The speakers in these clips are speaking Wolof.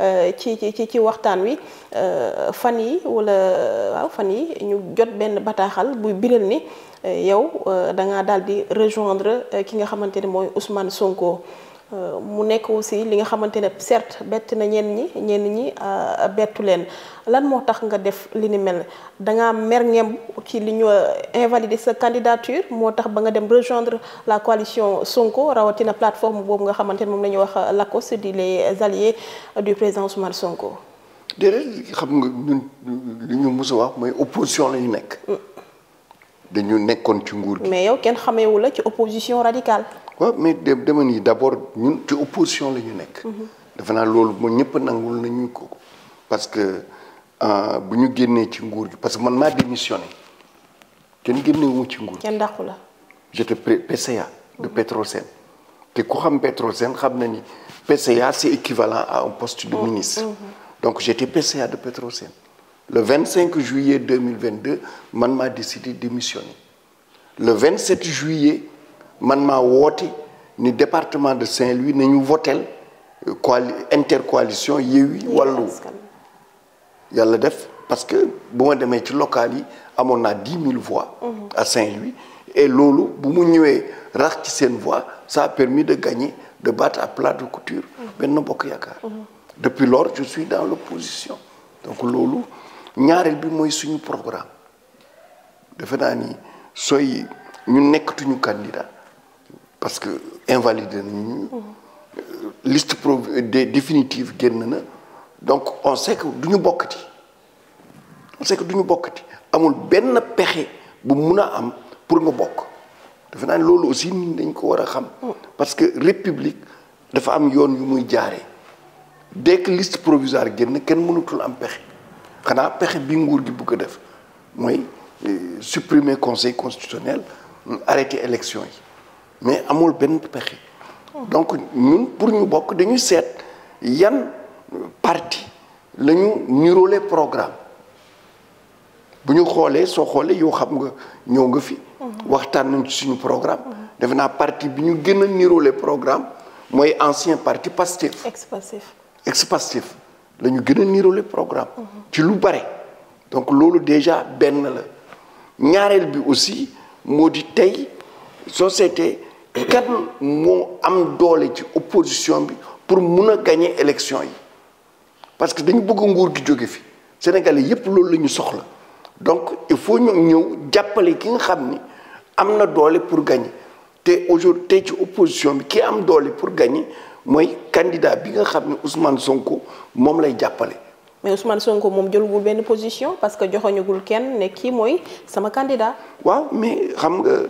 Euh, ci ci ci waxtaan wi euh, fan yi wala waaw fan yi ñu jot benn bataaxal buy biral ni euh, yow da nga daal di rejoindre ki nga xamante ni mooy Ousmane Sonko. Euh, mu nekk aussi li nga xamante ne certes bett na ñenn ñi ñenn ñi euh, bettu leen lan moo tax nga def li ni mel dangaa mer ngemb ci li ñu euh, invalider sa candidature moo tax ba nga dem rejoindre la coalition Sonko rawatina plateforme boobu nga xamante ne moom la ñuy wax LACOS di les alliés du président Ousmane Sonko. déedéet xam nga ñun li ñu mos wax mooy opposition la nekk. Mm. dañu nekkoon ci nguur gi. mais yow kenn xameewu la ci opposition radicale. waaw mais dama ni d' abord ñun ci opposition la ñu nekk. Mhm. defe naa loolu moom ñëpp nangul nañu ko parce que euh, bu ñu génnee ci nguur gi parce que man maa démissionné kenn génnewu ci nguur. kenn dàqu la. j' étais PCA de mhm. Petrosen te ku xam Petrosen xam na ni PCA c' équivalent à un poste de mhm. ministre. donc j' étais PCA de Petrosen. le 25 juillet 2022 man maa décidé démissionner le 27 juillet man maa woote ni département de Saint-Louis nañu votel euh, coali intercoalition Yewwi Wallu yàlla def parce que bu ma demee ci local yi amoon naa dix mille voix mhm. à Saint-Louis et loolu bu mu ñëwee rax ci seen voix ça a permis de gagner de battre à plat de couture mhm. benn Bokk Yaakaar mhm. depuis lors je suis dans l'opposition donc loolu ñaareel bi mooy suñu programme defe naa ni sooy ñu nekkatuñu candidat parce que invalidé nañu euh, liste pro définitive génn na donc on sait duñu du ñu bokkati on sait que du ñu bokkati amul benn pexe bu mun a am pour nga bokk defe naa ni loolu aussi nit dañ ko war a xam parce que république dafa am yoon yu muy jaare dès que liste provisoire génn kenn mënatul am pexe xanaa pexe bi nguur gi bugg a def mooy euh, supprimer conseil constitutionnel arrêter élection yi mais amul benn pexe donc ñun pour ñu bokk dañuy seet yan parti la ñu niroole programme bu ñu xoolee soo xoolee yoo xam nga ñëw nga fi waxtaan nañ ci suñu programme defe naa parti bi ñu gën a niroole programme mooy ancien parti Pastef ex-Pastef la ñu gën a niroole programme ci lu bare donc loolu déjà benn la ñaareel bi aussi moo di tey société kan moo am doole ci opposition bi pour mun a gagner élection yi parce que dañu bëgg nguur gi jóge fi Sénégalais yépp loolu la ñu soxla donc il faut ñoom ñëw jàppale ki nga xam ni am na doole pour gagner te aujourd'hui tey ci opposition bi ki am doole pour gagner mooy candidat bi nga xam ne Ousmane Sonko moom lay jàppale. mais Ousmane Sonko moom jëlugul benn position parce que joxoñugul kenn ne kii mooy sama candidat. waaw mais xam nga euh,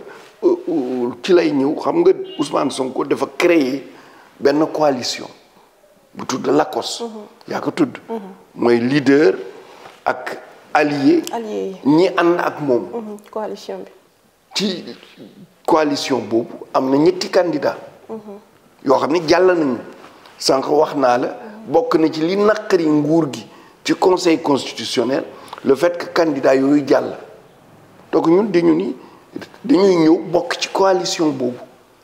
euh, ci lay ñëw xam nga Ousmane Sonko dafa créer benn coalition bu tudd LACOS. Mhm. yaa ko tudd. Mhm. mooy leader ak allié. allié yi ñi ànd ak moom. Mhm, coalition bi. ci coalition boobu am na ñetti candidat. yoo xam ne jàll nañu sànq wax naa la bokk na ci li naqari nguur gi ci conseil constitutionnel le fait que candidat yooyu jàll donc ñun dañu ni dañuy ñëw bokk ci coalition boobu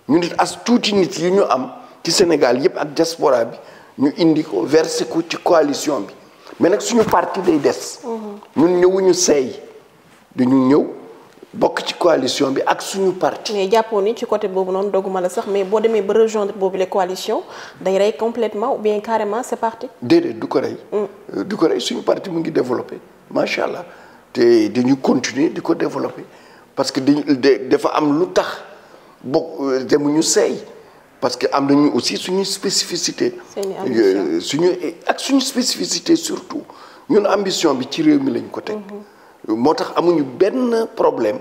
ñu nit as tuuti nit yu ñu am ci Sénégal yépp ak diaspora bi ñu indi ko versé ko ci coalition bi mais nag suñu partie day des mhm. ñun ñëwuñu seey dañu ñëw bokk ci coalition bi ak suñu parti. mais jàppoo ni ci côté boobu noonu dogguma la sax mais boo demee ba rejoindre boobu la coalition day rey complètement ou bien carrément sa parti. déedéet du ko rey. Mm. Euh, du ko rey suñu partie mu ngi développé macha allah te ñu continuer di ko développé parce que dañu dafa am lu tax bokk demuñu euh, seey parce que am nañu aussi suñu spécificité. Euh, suñu ak suñu spécificité surtout ñun ambition bi ci réew mi lañ ko teg. Mm-hmm. moo tax amuñu benn problème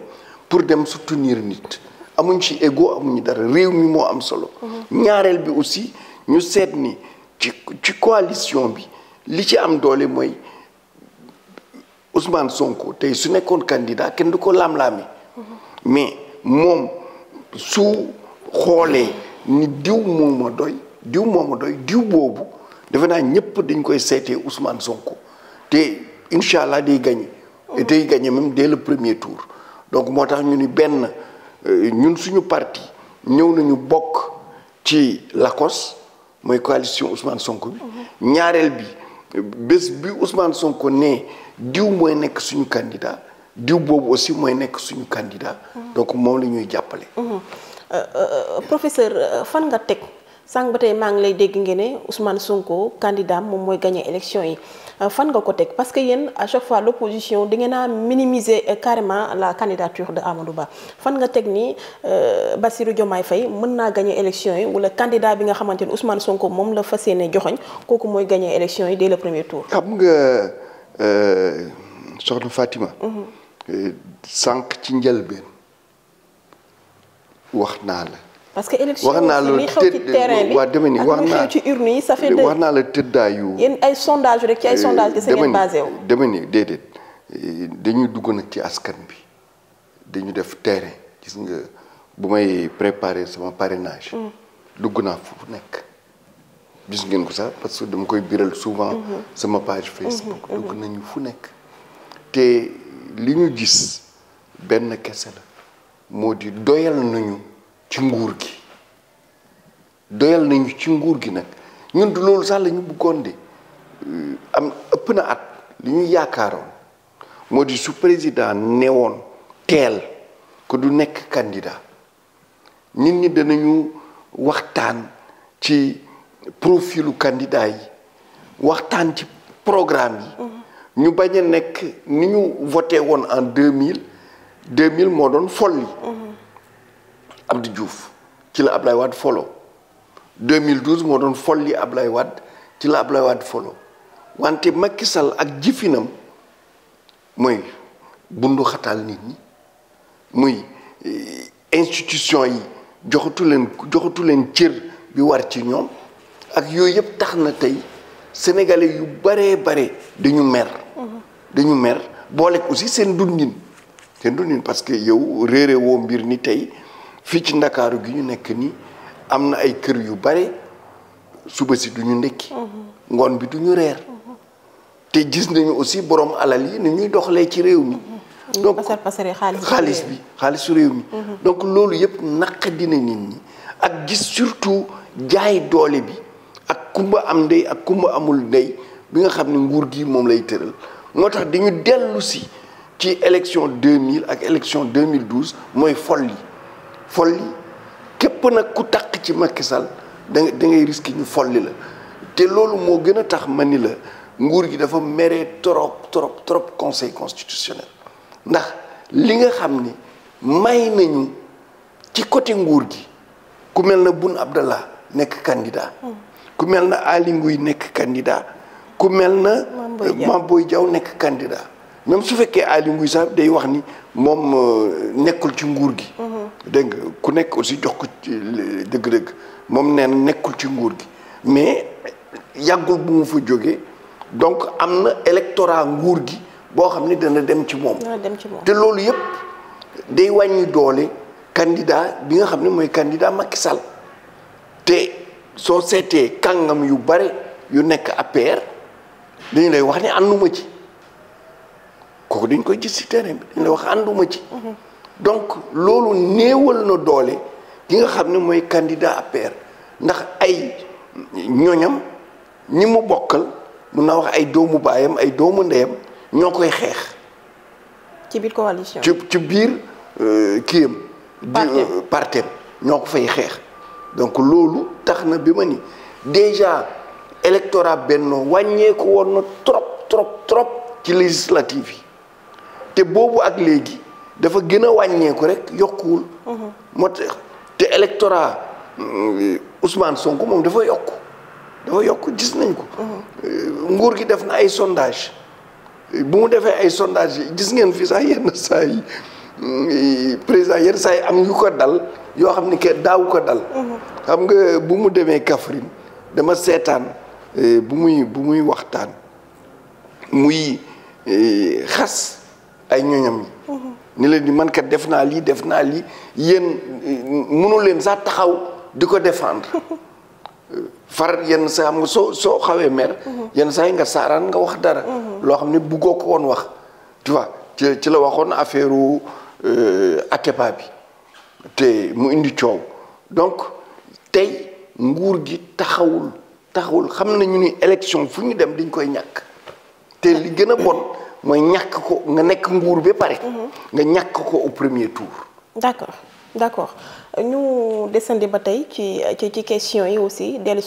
pour dem soutenir nit amuñ ci égo amuñu dara réew mi moo am solo ñaareel bi aussi ñu seet ni ci ci coalition bi li ci am doole mooy Ousmane Sonko tey su nekkoon candidat kenn du ko laam mais moom su xoolee ni diw moo ma doy doy diw boobu defe naa ñëpp dañ koy seetee Ousmane Sonko te incha allah day gagné était gagné même dès le premier tour donc moo tax ñu ni benn euh, ñun suñu parti ñëw nañu bokk ci LACOS mooy coalition Ousmane Sonko bi ñaareel bi bés bi Ousmane Sonko ne diw mooy nekk suñu candidat diw boobu aussi mooy nekk suñu candidat mmh. donc moom la ñuy jàppale mmh. euh, euh, professeur fan nga teg sànq ba tey maa ngi lay dégg ngeen ne Ousmane Sonko candidat moom mooy gagné élection yi euh, fan nga ko teg parce que yéen à chaque fois l'opposition di ngeen a minimiser euh, carrément la candidature de Amadou Ba fan nga teg ni euh, Bassirou jomaay fay mën naa gagné élection yi wala candidat bi nga xamante ni Ousmane Sonko moom la fas yéene joxoñ kooku mooy gagné élection yi dès le premier tour. Ah, xam nga soxna Fatima. Mhm. sànq ci njëlbeen wax naa la. parce que élection bi wax naa ci urne wax naa la tëddaayu. yéen ay sondage rek ci ay eh, sondage gis ngeen basé wu. dama ni déedéet eh, dañuy dugg nag ci askan bi dañu def terrain gis nga bu may préparer sama parrainage. Mm. dugg naa nekk. gis ngeen ko sax parce que dama koy biral souvent. Mm-hmm. sama page Facebook. Mm-hmm. dugg mm-hmm. nañu fu nekk. te li ñu gis benn kese la moo di doyal nañu. ci nguur gi doyal nañu ci nguur gi nag ñun du loolu sax la ñu bëggoon de euh, am ëpp na at li ñu yaakaaroon moo di su président newoon teel ko du nekk candidat nit ñi danañu waxtaan ci profilu candidat yi waxtaan ci programme yi mm-hmm. ñu bañ a nekk ni ñu voté woon en deux mille deux mille moo doon folli mm-hmm. Abdou Diouf ci la Ablaye Wade folo 2012 moo doon fol folli Ablaye Wade ci la Ablaye Wade folo wante Macky kisal ak jëfinam mooy bundu xataal nit ñi muy eh, institution yi joxatu leen joxatu leen cër bi war ci ñoom ak yooyu yëpp tax na tey sénégalais yu baree bare dañu mer mm-hmm. dañu mer boole aussi seen dundin seen dundin parce que yow réere woo mbir ni tey fii ci ndakaaru gi ñu nekk nii am na ay kër yu bare suba si du ñu ndekki mhm. ngoon bi du ñu reer mhm. te gis nañu aussi borom alal yi ni ñuy doxalee ci réew mi mhm. donc xaalis bi su réew mi donc loolu yëpp naq dina nit ñi ak gis surtout jaay doole bi ak kumba am ndey ak kumba amul ndey bi nga xam ne nguur gi moom lay tëral moo tax dañu dellu si ci élection 2000 ak élection 2012 mooy fol yi folli képp nag ku taq ci Macky Sall da da ngay risque ñu folli la te loolu moo gën a tax ma ni la nguur gi dafa meree trop trop trop conseil constitutionnel ndax li nga xam ni may nañu ci côté nguur gi ku mel na bun Abdallah nekk candidat hmm. ku mel na Aly Ngouille nekk candidat ku mel na Mame Boye nekk candidat même su fekkee Aly sax day wax ni moom euh, nekkul ci nguur gi hmm. dégg nga ku nekk aussi jox ko ci dëgg-dëgg moom nee nekkul ci nguur gi mais yàggul bu mu fa jógee donc am na électorat nguur gi boo xam ne dana dem ci moom. te loolu yëpp day wàññi doole candidat bi nga xam ne mooy candidat Macky Sall te soo seetee kàngam yu bare yu nekk APR dañu lay wax ni ànduma ci kooku dañ koy gis ci terrain bi dañ lay wax ànduma ci. Mm-hmm. donc loolu néewal na doole ki nga xam ne mooy candidat APR ndax ay ñoñam ni mu bokkal mun na wax ay doomu baayam ay doomu ndeyam ñoo koy xeex. ci biir coalition ci ci biir euh, kiyam. partem euh, ñoo ko fay xeex. donc loolu tax na bi ma ni déjà électorat Benno wàññeeku woon na trop trop trop ci législative yi te boobu ak léegi. dafa gën a wàññeeku rek yokkuwul. moo tax te électorat euh, Ousmane sonk moom dafa yokk dafa yokk gis nañ ko. Euh, nguur gi def na ay sondage bu mu defee ay sondage gis ngeen fii sax yenn saa yi euh, président yenn saa yi am yu ko dal yoo xam ni que daaw ko dal. xam nga bu mu demee Kaffrine dama seetaan bu muy bu muy waxtaan muy xas ay ñoñam yi. ni leen di man kat def naa lii def naa lii yéen mënul leen sax taxaw di ko défendre far yenn saa am nga soo soo xawee mer. Mhm. yenn sax yi nga saaraan nga wax dara. Mhm. loo xam ne buggoo ko woon wax. tu vois ci la waxoon affaire u euh, Atepa bi te mu indi coow donc tey nguur gi taxawul taxawul xam nañu ni élection fu ñu dem dañ koy ñàkk te li gën a bon. mooy ñàkk ko nga nekk nguur ba pare. nga ñàkk ko au premier tour. d'accord d'accord ñu desandi ba tey ci ci ci question yi aussi dellu